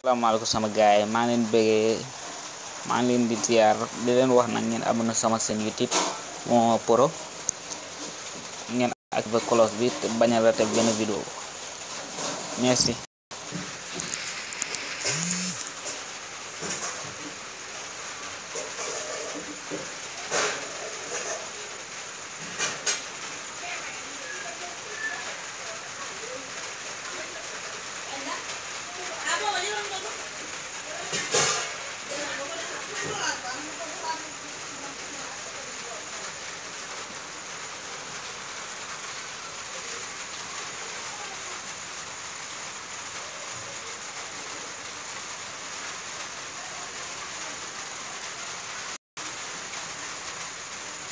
salaamaaleykum sama gars yi maa ngi leen bëggee maa ngi leen di ziar di leen wax nag ngeen abonné sama seen youtube Momo Pro ngeen activé cloche bi te bañ a raté benn vidéo merci